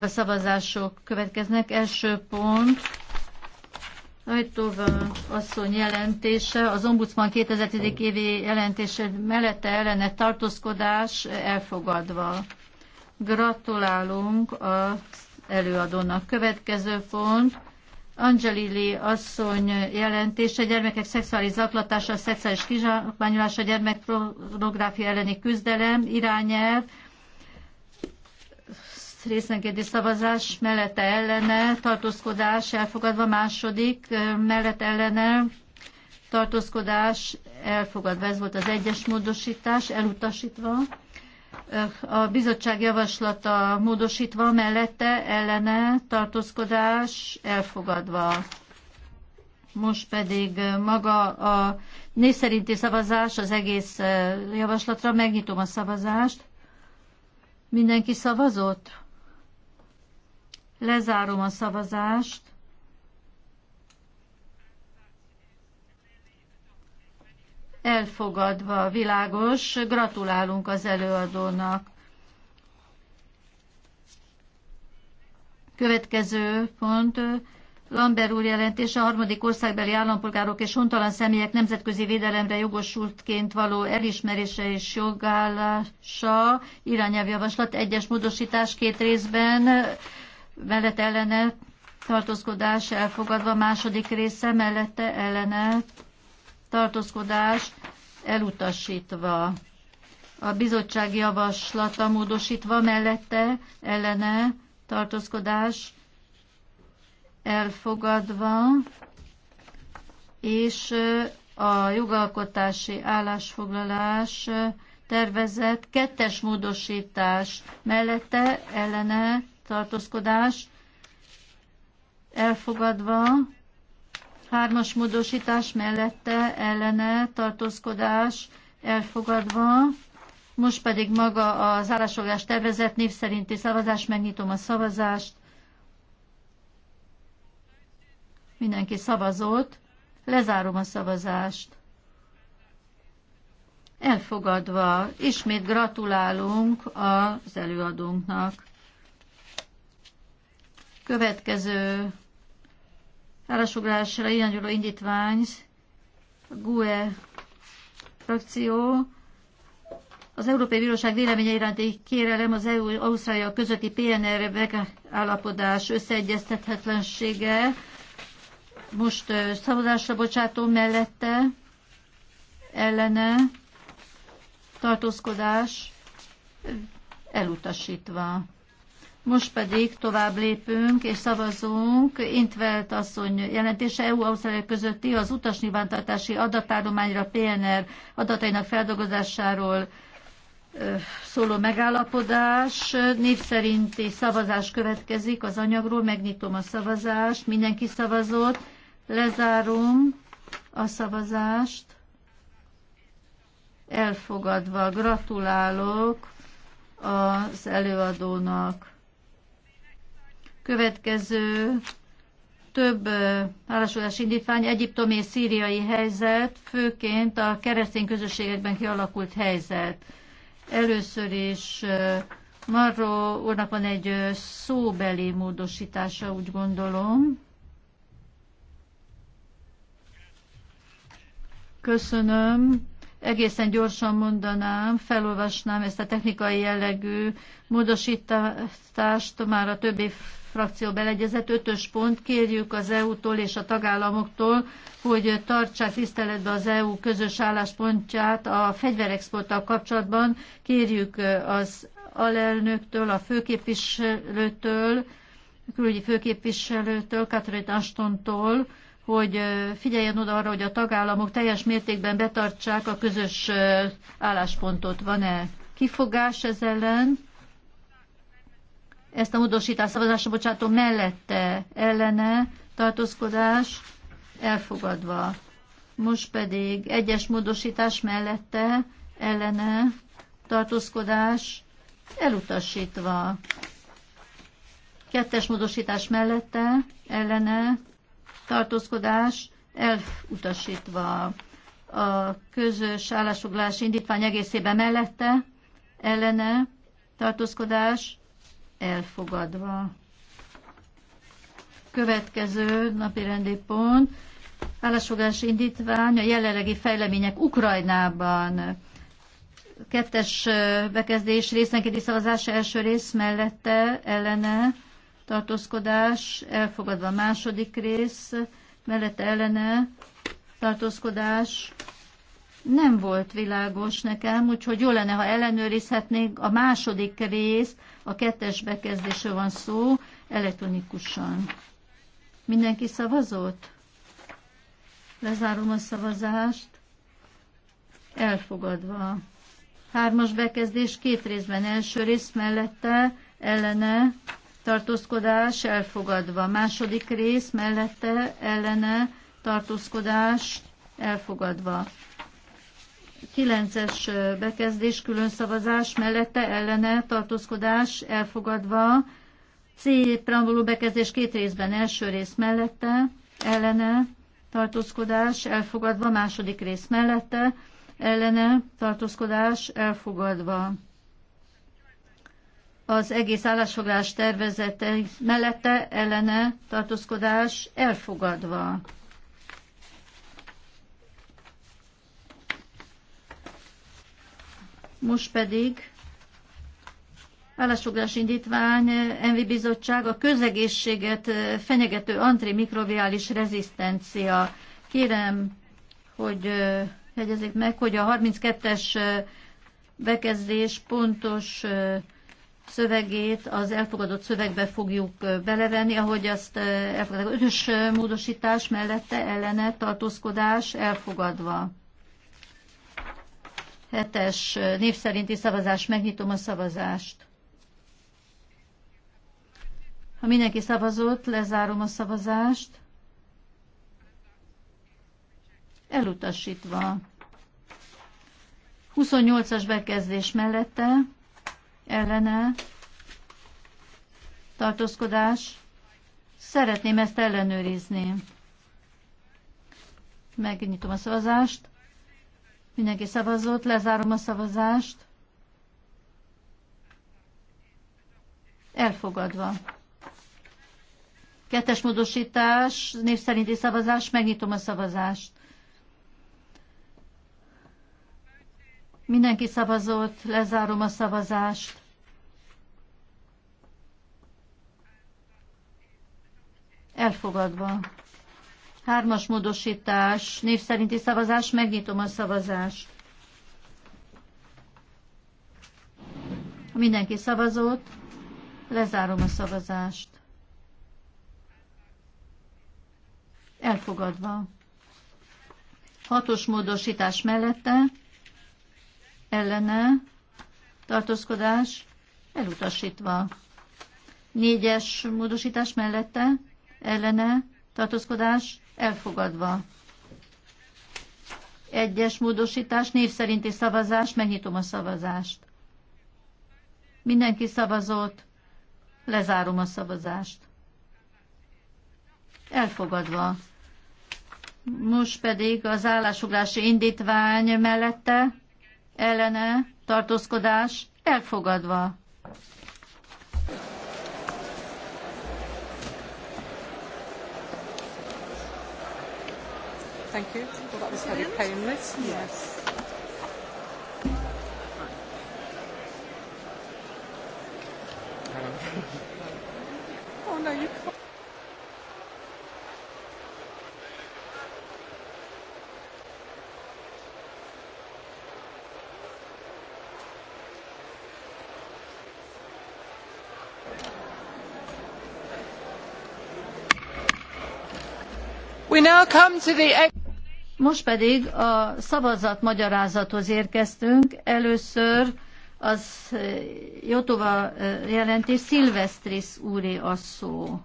A szavazások következnek. Első pont, Ajtóva asszony jelentése, az ombudsman 2010. évi jelentése mellette ellene tartózkodás elfogadva. Gratulálunk az előadónak. Következő pont, Angelili asszony jelentése, gyermekek szexuális zaklatása, szexuális kizsákmányolása, gyermekpornográfia elleni küzdelem, irányelv, részenkénti szavazás mellette ellene, tartózkodás elfogadva, második mellett ellene, tartózkodás elfogadva. Ez volt az egyes módosítás, elutasítva. A bizottság javaslata módosítva, mellette ellene, tartózkodás elfogadva. Most pedig maga a név szerinti szavazás az egész javaslatra. Megnyitom a szavazást. Mindenki szavazott? Lezárom a szavazást. Elfogadva, világos. Gratulálunk az előadónak. Következő pont. Lambert úr jelentése a harmadik országbeli állampolgárok és hontalan személyek nemzetközi védelemre jogosultként való elismerése és jogállása irányelvjavaslat egyes módosítás két részben mellett ellene tartózkodás elfogadva, második része mellette ellene tartózkodás elutasítva. A bizottság javaslata módosítva mellette ellene tartózkodás elfogadva, és a jogalkotási állásfoglalás tervezett kettes módosítás mellette ellene tartózkodás elfogadva, hármas módosítás mellette ellene tartózkodás elfogadva, most pedig maga a állásfoglalás tervezet név szerinti szavazás, megnyitom a szavazást. Mindenki szavazott, lezárom a szavazást. Elfogadva, ismét gratulálunk az előadónknak. Következő állásfoglalásra irányuló indítvány a GUE frakció. Az Európai Bíróság véleménye iránti kérelem az EU-Ausztrália közötti PNR megállapodás összeegyeztethetlensége. Most szavazásra bocsátó mellette ellene tartózkodás elutasítva. Most pedig tovább lépünk és szavazunk Intvelt asszony jelentése EU-Ausztrália közötti az utasnyilvántartási adatállományra PNR adatainak feldolgozásáról szóló megállapodás. Név szerinti szavazás következik az anyagról. Megnyitom a szavazást. Mindenki szavazott. Lezárom a szavazást. Elfogadva. Gratulálok az előadónak következő több állásolás indítvány, egyiptomi és szíriai helyzet, főként a keresztény közösségekben kialakult helyzet. Először is Marró úrnak van egy szóbeli módosítása, úgy gondolom. Köszönöm. Egészen gyorsan mondanám, felolvasnám ezt a technikai jellegű módosítást, már a többi frakció beleegyezett. Ötös pont, kérjük az EU-tól és a tagállamoktól, hogy tartsák tiszteletbe az EU közös álláspontját a fegyverexporttal kapcsolatban. Kérjük az alelnöktől, a főképviselőtől, a külügyi főképviselőtől, Catherine Ashtontól, hogy figyeljen oda arra, hogy a tagállamok teljes mértékben betartsák a közös álláspontot. Van-e kifogás ez ellen? Ezt a módosítás szavazásra bocsátó mellette ellene tartózkodás elfogadva. Most pedig egyes módosítás mellette ellene tartózkodás elutasítva. Kettes módosítás mellette ellene tartózkodás elutasítva. A közös állásfoglalás indítvány egészében mellette ellene tartózkodás elfogadva. Következő napi rendi pont, állásfogás indítvány a jelenlegi fejlemények Ukrajnában. Kettes bekezdés részenkéti szavazás első rész mellette ellene tartózkodás, elfogadva második rész, mellette ellene tartózkodás, nem volt világos nekem, úgyhogy jó lenne, ha ellenőrizhetnénk a második részt, a kettes bekezdésről van szó elektronikusan. Mindenki szavazott? Lezárom a szavazást. Elfogadva. Hármas bekezdés két részben. Első rész mellette, ellene, tartózkodás, elfogadva. Második rész mellette, ellene, tartózkodás, elfogadva. 9-es bekezdés, külön szavazás, mellette ellene tartózkodás elfogadva, C preambuló bekezdés két részben, első rész mellette, ellene tartózkodás elfogadva, második rész mellette, ellene tartózkodás elfogadva. Az egész állásfoglalás tervezete mellette ellene tartózkodás elfogadva. Most pedig állásfoglalás indítvány, Envi Bizottság a közegészséget fenyegető antimikrobiális rezisztencia. Kérem, hogy jegyezzék meg, hogy a 32-es bekezdés pontos szövegét az elfogadott szövegbe fogjuk belevenni, ahogy azt elfogadták. Ötös módosítás mellette ellene tartózkodás elfogadva hetes név szerinti szavazás. Megnyitom a szavazást. Ha mindenki szavazott, lezárom a szavazást. Elutasítva. 28-as bekezdés mellette, ellene, tartózkodás. Szeretném ezt ellenőrizni. Megnyitom a szavazást. Mindenki szavazott, lezárom a szavazást. Elfogadva. Kettes módosítás, név szerinti szavazás, megnyitom a szavazást. Mindenki szavazott, lezárom a szavazást. Elfogadva. Hármas módosítás, név szerinti szavazás, megnyitom a szavazást. Mindenki szavazott, lezárom a szavazást. Elfogadva. Hatos módosítás mellette, ellene, tartózkodás, elutasítva. Négyes módosítás mellette, ellene, tartózkodás, elfogadva. Egyes módosítás, név szerinti szavazás, megnyitom a szavazást. Mindenki szavazott, lezárom a szavazást. Elfogadva. Most pedig az állásuglási indítvány mellette ellene tartózkodás elfogadva. Thank you. Well, that was very painless. Yes. oh no, you can't. we now come to the most pedig a szavazat magyarázathoz érkeztünk. Először az eh, Jotova eh, jelentés Szilvesztris úré a szó.